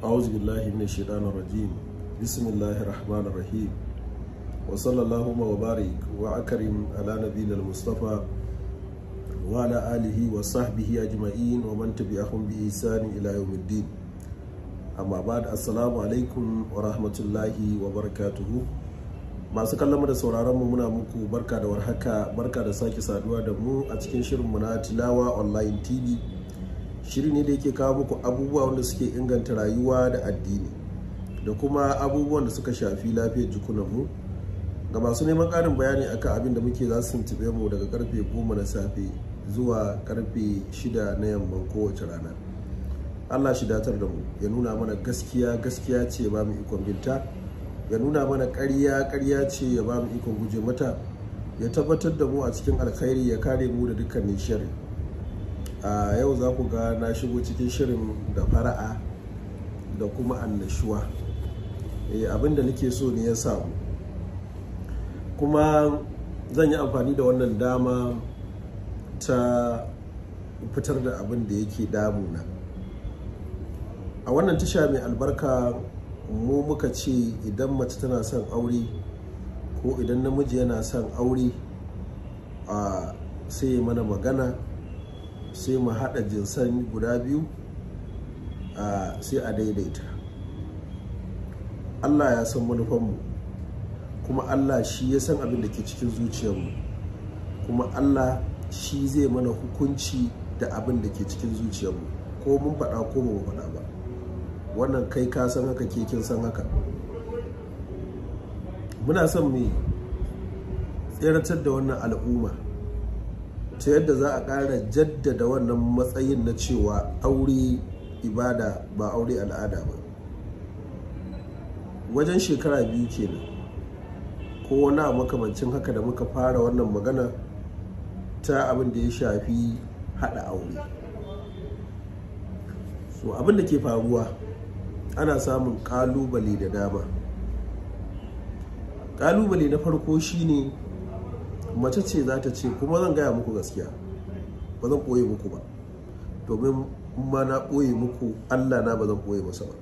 أعوذ بالله من الشيطان الرجيم بسم الله الرحمن الرحيم وصلى اللهم وبارك وأكرم على نبينا المصطفى وعلى آله وصحبه أجمعين ومن تبعهم بإحسان إلى يوم الدين amma ba da alaikum wa rahmatullahi wa barakatuhu masu kallon da sauraron mu muna muku barka da warhaka barka da sake saduwa da mu a cikin shirin mu na tilawa online tv shiri ne da yake kawo muku abubuwa wanda suke inganta rayuwa da addini da kuma abubuwan da suka shafi lafiyar jikunanmu ga masu neman ƙarin bayani akan abin da muke za su tuntube mu daga karfe 10 na safe zuwa karfe 6 na yamma kowace rana Allah shi datar da mu ya nuna mana gaskiya gaskiya ce ba mu ikon binta ya nuna mana karya, karya ce ya ba mu ikon guje mata ya tabbatar da mu a cikin alkhairi ya kare mu da dukkanin shari'a a yau za ku ga na shigo cikin shirin da fara'a da kuma annashuwa eh, abin da nake so ne ya samu kuma zan yi amfani da wannan dama ta fitar da abin da yake na. a wannan tasha mai albarka mu muka ce idan mace tana son aure ko idan namiji yana son aure a sai mana magana sai mu haɗa jinsan guda biyu sai a daidaita allah ya san manufanmu kuma allah shi ya san abin da ke cikin zuciyarmu kuma allah shi zai mana hukunci da abin da ke cikin zuciyarmu ko mun faɗa ko mu faɗa ba wannan kai ka san haka ke kin san haka muna son mu tseratar da wannan al'umma ta yadda za a ƙara jaddada wannan matsayin na cewa aure ibada ba aure al'ada ba wajen shekara biyu kenan ko wani makamancin haka da muka fara wannan magana ta abin da ya shafi haɗa aure so abin da ke faruwa ana samun ƙalubale da dama ƙalubale na farko shine ne mace ce za ta ce kuma zan gaya muku gaskiya ba zan ɓoye muku ba domin ma na ɓoye muku allah na ba zan ɓoye masa ba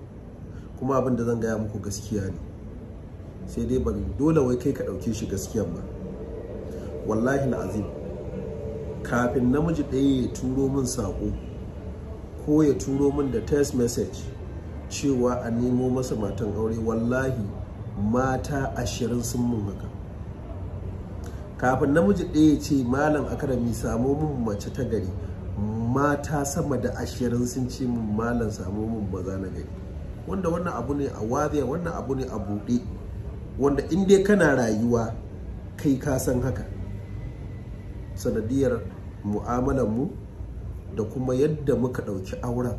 kuma abin da zan gaya muku gaskiya ne sai dai ban dole wai kai ka ɗauke shi gaskiyan ba wallahi azim kafin namiji ɗaya ya turo min sako ko ya turo min da text message cewa a nemo masa matan aure wallahi mata ashirin sun mun haka kafin namiji ɗaya ce malam akarami samo mun mace ta gari mata sama da ashirin sun ce mun malam samu mun maza na gari wanda wannan abu ne a waziya wannan abu ne a buɗe wanda inda dai kana rayuwa kai ka san haka sanadiyar mu'amalar mu da kuma yadda muka ɗauki auren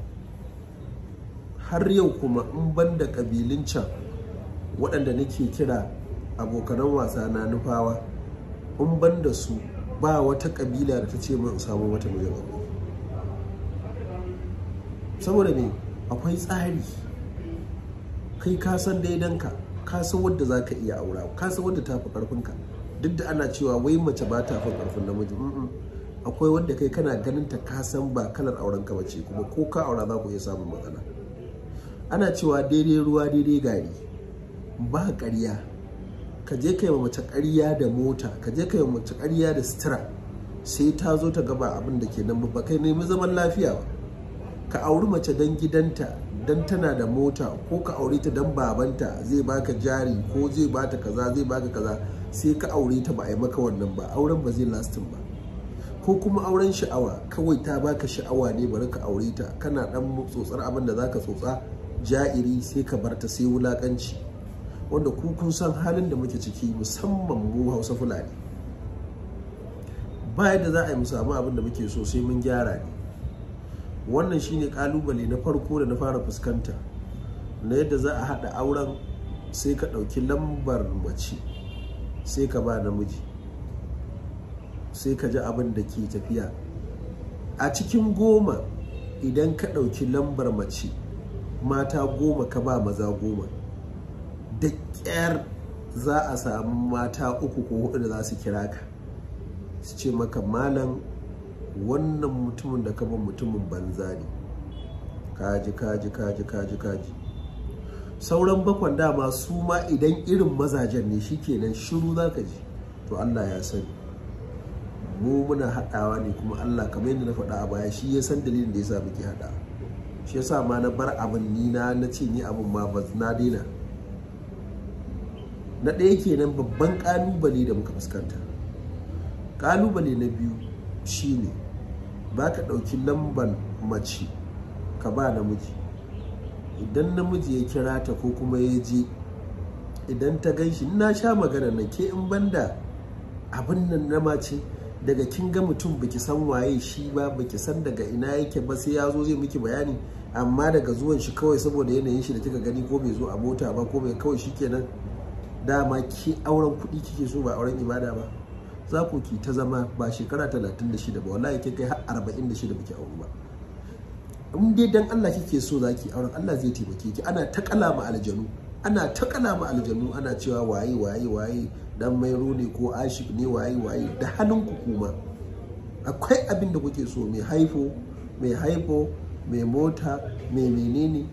har yau kuma in banda ƙabilin can waɗanda nake kira abokanan wasa na nufawa in ban da su ba wata kabila da ta ce min samu wata mijin aure saboda me akwai tsari kai ka san daidanka ka san wadda za ka iya aura ka san wadda ta fi karfinka duk da ana cewa wai mace ba ta fi karfin namiji akwai wadda kai kana ganin ta ka san ba kalar auren ka bace kuma ko ka aura za ku iya samun matsala ana cewa daidai ruwa daidai gari ba ƙarya ka je kai wa mace ƙarya da mota ka je kai wa mace ƙarya da sutura sai ta zo ta gaba abin da ke nan ba kai nemi zaman lafiya ba ka auri mace don gidanta don tana da mota ko ka aure ta don babanta zai baka jari ko zai bata kaza zai baka kaza sai ka aure ta ba a yi maka wannan ba auren ba zai lastin ba ko kuma auren sha'awa kawai ta baka sha'awa ne bari ka aure ta kana dan tsotsar abin da zaka tsotsa ja'iri sai ka bar ta sai wulakanci wanda ku kun san halin da muke ciki musamman mu hausa fulani ba yadda za a yi mu samu abin da muke so sai mun gyara ne wannan shine kalubale na farko da na fara fuskanta na yadda za a haɗa auren sai ka ɗauki lambar mace sai ka ba namiji sai ka ji abin da ke tafiya a cikin goma idan ka ɗauki lambar mace mata goma ka ba maza goma da ƙyar za a samu mata uku ko hudu da za su kira ka su ce maka malam wannan mutumin da kaba mutumin banza ne kaji kaji kaji kaji kaji sauran bakwan dama su ma idan irin mazajen ne shikenan shiru za ka ji to allah ya sani mu muna haɗawa ne kuma allah kamar yadda na faɗa a baya shi ya san dalilin da ya sa muke haɗa. shi ya sa ma na bar abin ni na na ce ni abin ma ba na daina na ɗaya kenan babban ƙalubale da muka fuskanta ƙalubale na biyu shine ba ka ɗauki lamban mace ka ba namiji idan namiji ya kira ta ko kuma ya je idan ta gan shi na sha magana na ke in banda abin nan na mace daga kin ga mutum baki san waye shi ba baki san daga ina yake ba sai ya zo zai miki bayani amma daga zuwan shi kawai saboda yanayin shi da kika gani ko bai zo a mota ba ko bai kawai shi kenan dama ke auren kuɗi kike so ba auren ibada ba za ku ki ta zama ba shekara 36 ba wallahi kai har 46 baki auru ba in dai dan Allah kike so zaki auren Allah zai taimake ki ana ta kalama aljanu ana ta kalama aljanu ana cewa waye waye waye dan mairo ne ko ashik ne waye waye da halin ku kuma akwai abin da kuke so mai haifo mai haifo mai mota mai menene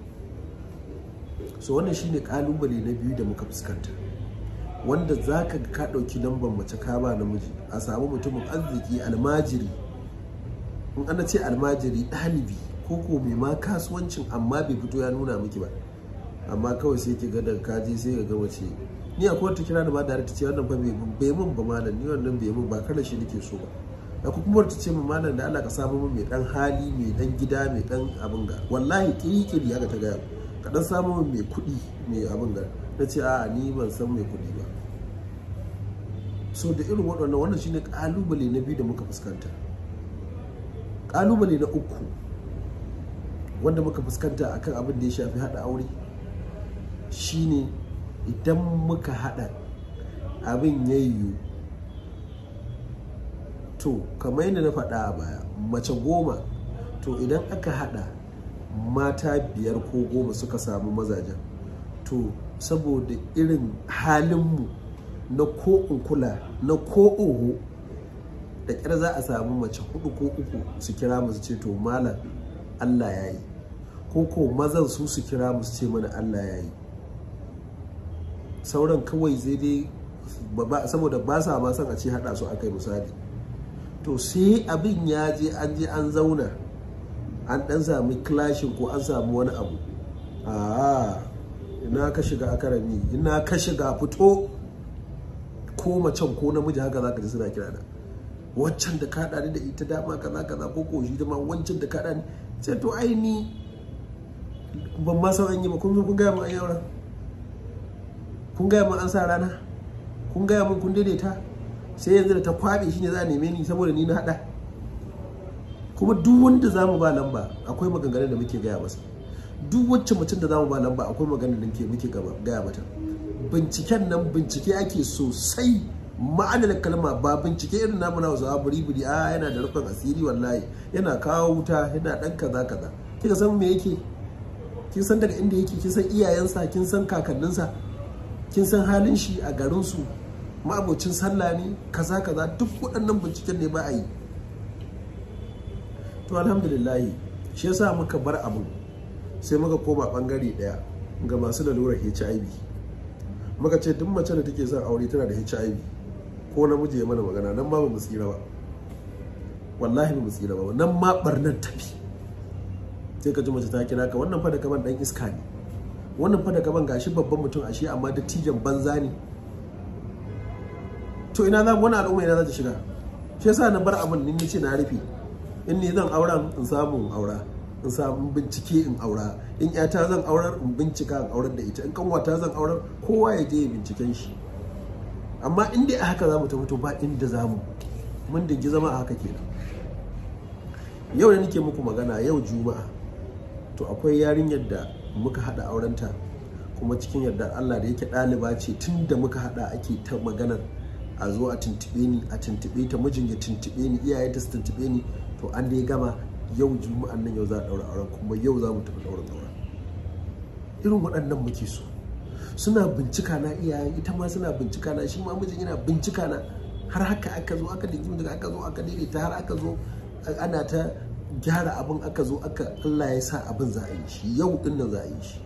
so wannan shine kalubale na biyu da muka fuskanta wanda za ka ka ɗauki lambar mace ka ba namiji a samu mutumin arziki almajiri in ana ce almajiri ɗalibi ko ko mai ma kasuwancin amma bai fito ya nuna miki ba amma kawai sai ki ga daga kaje sai ka ga wace ni a kowace kira da ba da ta ce wannan ba bai mun ba malam ni wannan bai mun ba kada shi nake so ba da kuma ta ce mun malam da Allah ka samu min mai dan hali mai dan gida mai dan abin ga wallahi kirikiri haka ta ga mu ka dan samu mai kuɗi mai abin da na ce a ni ban san mai kuɗi ba so da irin waɗannan wannan shine kalubale na biyu da muka fuskanta kalubale na uku wanda muka fuskanta akan abin da ya shafi haɗa aure shine idan muka haɗa abin ya yiwu to kamar yadda na faɗa baya mace goma to idan aka haɗa mata biyar ko goma suka samu mazajen to saboda irin halinmu na ko kula na ko oho da kyar za a samu mace hudu ko uku su kira mu ce to malam Allah ya yi ko ko mazan su su kira mu ce mana Allah ya yi sauran kawai zai dai saboda ba sa ma son a ce hada su akai misali to sai abin ya je an je an zauna an dan sami clashin ko an sami wani abu a ina ka shiga akarami ina ka shiga fito ko macen ko namiji haka zaka ji suna da waccan da ka da ita dama kaza za ko ko shi dama wancan da ka ne sai to ai ni ban ma san an yi ba kun kun ga mu an yaura kun ga mu an sa rana kun ga mu kun daidaita sai yanzu da ta kwabe ne za a neme ni saboda ni na hada kuma duk wanda za mu ba lamba akwai maganganun da muke gaya masa duk wacce mutum da za mu ba lamba akwai maganganun da muke gaya mata binciken nan bincike ake sosai ma'anar kalma ba bincike irin namu na wasu buri buri a ah, yana da rufin asiri wallahi yana kawo wuta yana dan kaza kaza kika san me yake kin san daga inda yake kin san iyayensa kin san kakanninsa kin san halin shi a garin su ma'abocin sallah ne kaza kaza duk waɗannan binciken ne ba a yi to alhamdulillahi shi yasa muka bar abu sai muka koma bangare daya ga masu lalurar HIV muka ce duk mace da take son aure tana da HIV ko namiji ya mana magana nan ma ba mu tsira ba wallahi ba mu tsira ba nan ma barnar tafi sai ka ji mace ta kira ka wannan fa da kaman dan iska ne wannan fa da kaman gashi babban mutum a shi amma dattijan banza ne to ina za wani al'umma ina za ta shiga shi yasa na bar abin ni ce na rufe in ni zan auren in samu in aura in samu bincike in aura in yata zan aurar in bincika in aurar da ita in kanwata zan aurar kowa ya je ya binciken shi amma in dai a haka za mu ta mutu ba inda za mu mun da dingi zama a haka kenan yau ne nake muku magana yau juma'a to akwai yarinyar da muka haɗa aurenta kuma cikin yadda Allah da yake ɗaliba ce tun da muka haɗa ake ta maganar a zo a tuntuɓe ni a tuntuɓe ta mijin ya tuntuɓe ni iyaye ta tuntuɓe ni to an da ya gama yau juma'an nan yau za a ɗaura auren kuma yau za mu tafi ɗaura auren irin waɗannan muke so suna bincika na iyayen ita ma suna bincika na shi ma mijin yana bincika na har haka aka zo aka dingi daga aka zo aka daidaita har aka zo ana ta gyara abin aka zo aka Allah ya sa abin za a yi shi yau din nan za a yi shi